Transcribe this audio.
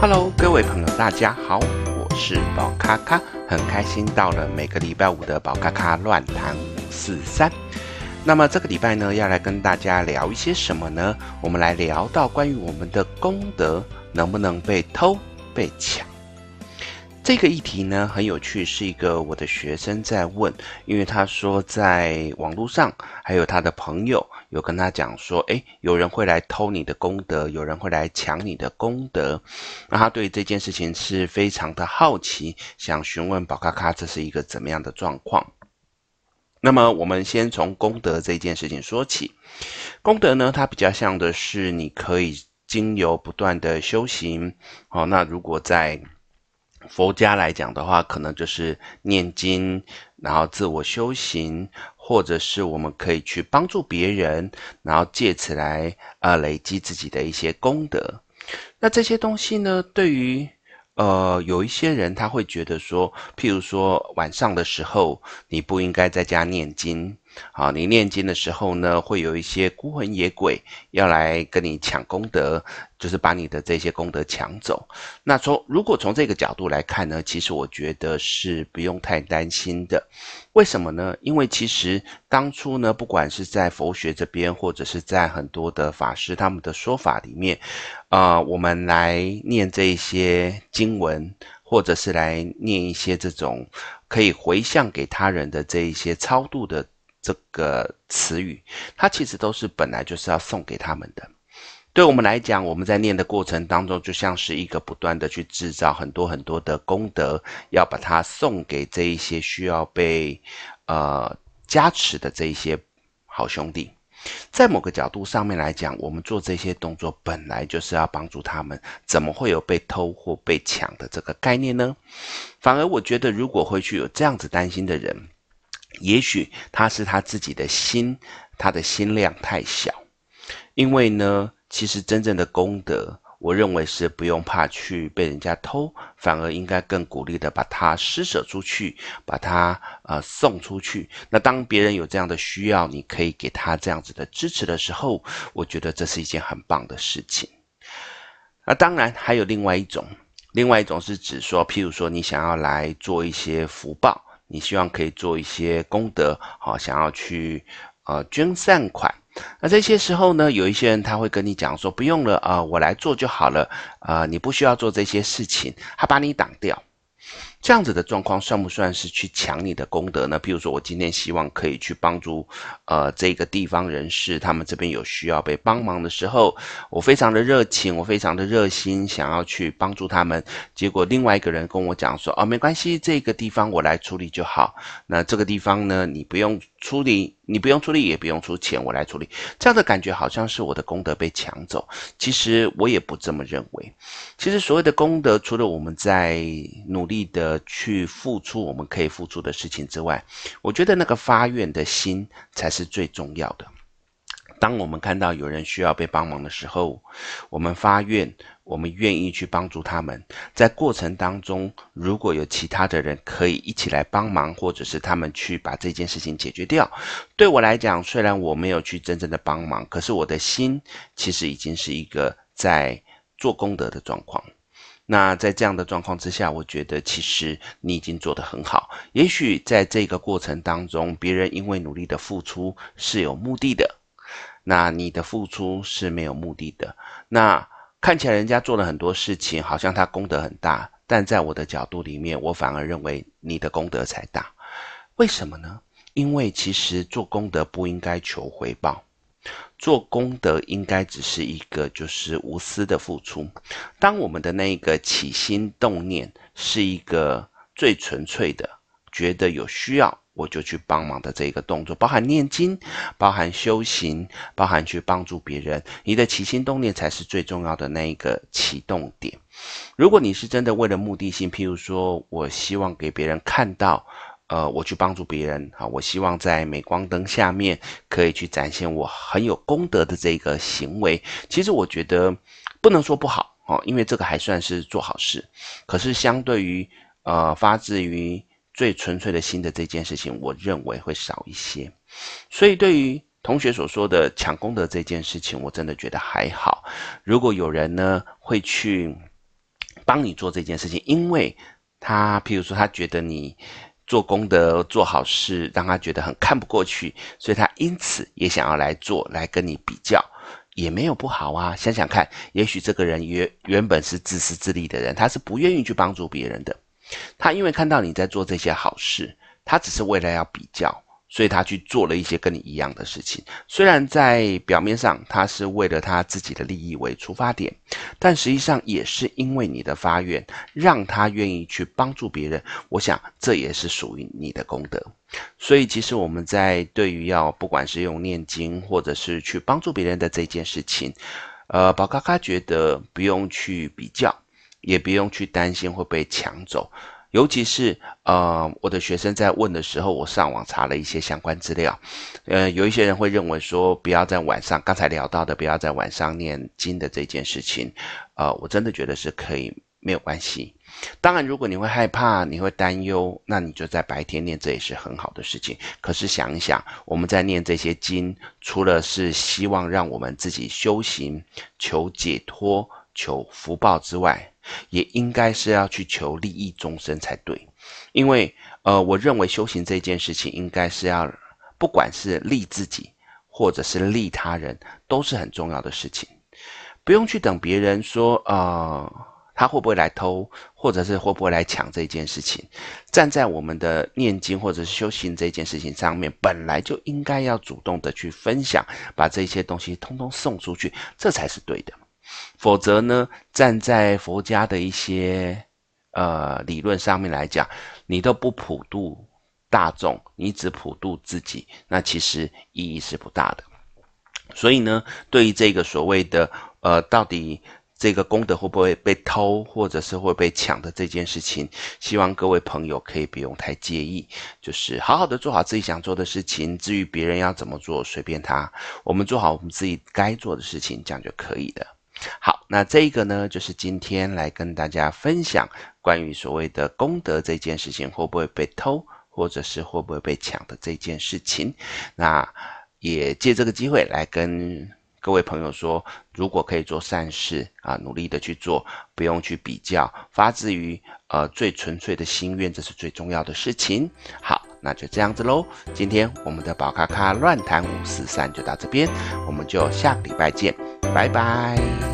哈嘍，Hello, 各位朋友，大家好，我是寶咖咖，很開心到了每個禮拜五的寶咖咖亂談五四三。那麼這個禮拜呢，要來跟大家聊一些什麼呢？我們來聊到關於我們的功德，能不能被偷、被搶。這個議題呢，很有趣，是一個我的學生在問，因為他說在網絡上還有他的朋友。有跟他講說，哎，有人會來偷你的功德，有人會來搶你的功德，那他對這件事情是非常的好奇，想詢問寶咖咖這是一個怎麼樣的狀況？那麼我們先從功德這件事情說起。功德呢，它比較像的是你可以經由不斷的修行，好，哦，那如果在，佛家來講的話，可能就是念經，然後自我修行，或者是我們可以去幫助別人，然後借此來呃累積自己的一些功德。那這些東西呢，對於呃有一些人他會覺得說，譬如說晚上的時候你不應該在家念經。好，你念經的時候呢，會有一些孤魂野鬼要來跟你搶功德，就是把你的這些功德搶走。那從如果從這個角度來看呢，其實我覺得是不用太擔心的。為什麼呢？因為其實當初呢，不管是在佛學這邊，或者是在很多的法師他們的說法裡面，啊、呃，我們來念這一些經文，或者是來念一些這種可以回向給他人的這一些超度的。這個詞語，它其實都是本來就是要送給他們的。對我們來講，我們在念的過程當中，就像是一個不斷的去製造很多很多的功德，要把它送給這一些需要被，呃，加持的這一些好兄弟。在某個角度上面來講，我們做這些動作本來就是要幫助他們，怎麼會有被偷或被搶的這個概念呢？反而我覺得，如果會去有這樣子擔心的人，也許他是他自己的心，他的心量太小。因為呢，其實真正的功德，我認為是不用怕去被人家偷，反而應該更鼓勵的把它施捨出去，把它，呃，送出去。那當別人有這樣的需要，你可以給他這樣子的支持的時候，我覺得這是一件很棒的事情。那當然還有另外一種，另外一種是指說，譬如說你想要來做一些福報。你希望可以做一些功德，好、哦、想要去呃捐善款，那這些時候呢，有一些人他會跟你講說不用了啊、呃，我來做就好了啊、呃，你不需要做這些事情，他把你擋掉。這樣子的狀況算不算是去搶你的功德呢？譬如說，我今天希望可以去幫助，呃，這個地方人士，他們這邊有需要被幫忙的時候，我非常的熱情，我非常的熱心，想要去幫助他們。結果另外一個人跟我講說，哦，沒關係，這個地方我來處理就好。那這個地方呢，你不用處理。你不用出力，也不用出錢，我來處理，這樣的感覺好像是我的功德被搶走。其實我也不這麼認為。其實所謂的功德，除了我們在努力的去付出我們可以付出的事情之外，我覺得那個發願的心才是最重要的。當我們看到有人需要被幫忙的時候，我們發願。我們願意去幫助他們，在過程當中，如果有其他的人可以一起來幫忙，或者是他們去把這件事情解決掉，對我來講，雖然我沒有去真正的幫忙，可是我的心其實已經是一個在做功德的狀況。那在這樣的狀況之下，我覺得其實你已經做得很好。也許在這個過程當中，別人因為努力的付出是有目的的，那你的付出是沒有目的的，那。看起來人家做了很多事情，好像他功德很大，但在我的角度裡面，我反而認為你的功德才大。為什麼呢？因為其實做功德不應該求回報，做功德應該只是一個就是無私的付出。當我們的那一個起心動念是一個最純粹的，覺得有需要。我就去幫忙的這一個動作，包含念經，包含修行，包含去幫助別人，你的起心動念才是最重要的那一個啟動點。如果你是真的為了目的性，譬如說我希望給別人看到，呃，我去幫助別人，好、啊，我希望在鎂光燈下面可以去展現我很有功德的這個行為，其實我覺得不能說不好哦、啊，因為這個還算是做好事。可是相對於，呃，發自於。最純粹的心的這件事情，我認為會少一些。所以對於同學所說的搶功德這件事情，我真的覺得還好。如果有人呢會去幫你做這件事情，因為他譬如說他覺得你做功德、做好事，讓他覺得很看不過去，所以他因此也想要來做，來跟你比較，也沒有不好啊。想想看，也許這個人原原本是自私自利的人，他是不願意去幫助別人的。他因為看到你在做這些好事，他只是為了要比較，所以他去做了一些跟你一樣的事情。雖然在表面上他是為了他自己的利益為出發點，但實際上也是因為你的發願，讓他願意去幫助別人。我想這也是屬於你的功德。所以其實我們在對於要不管是用念經，或者是去幫助別人的這件事情，呃，寶咖咖覺得不用去比較。也不用去擔心會被搶走，尤其是呃，我的學生在問的時候，我上網查了一些相關資料，呃，有一些人會認為說，不要在晚上，剛才聊到的，不要在晚上念經的這件事情，呃，我真的覺得是可以，沒有關係。當然，如果你會害怕，你會擔憂，那你就在白天念，這也是很好的事情。可是想一想，我們在念這些經，除了是希望讓我們自己修行，求解脫。求福報之外，也應該是要去求利益眾生才對。因為，呃，我認為修行這件事情，應該是要不管是利自己，或者是利他人，都是很重要的事情。不用去等別人說，呃，他會不會來偷，或者是會不會來搶這件事情。站在我們的念經或者是修行這件事情上面，本來就應該要主動的去分享，把這些東西通通送出去，這才是對的。否則呢，站在佛家的一些呃理論上面來講，你都不普度大眾，你只普度自己，那其實意義是不大的。所以呢，對於這個所謂的呃，到底這個功德會不會被偷，或者是會被搶的這件事情，希望各位朋友可以不用太介意，就是好好的做好自己想做的事情。至於別人要怎麼做，隨便他，我們做好我們自己該做的事情，這樣就可以了。好，那這一個呢，就是今天來跟大家分享關於所謂的功德這件事情會不會被偷，或者是會不會被搶的這件事情。那也借這個機會來跟各位朋友說，如果可以做善事啊、呃，努力的去做，不用去比較，發自於呃最純粹的心願，這是最重要的事情。好，那就這樣子嘍。今天我們的寶咖咖亂談五四三就到這邊，我們就下個禮拜見，拜拜。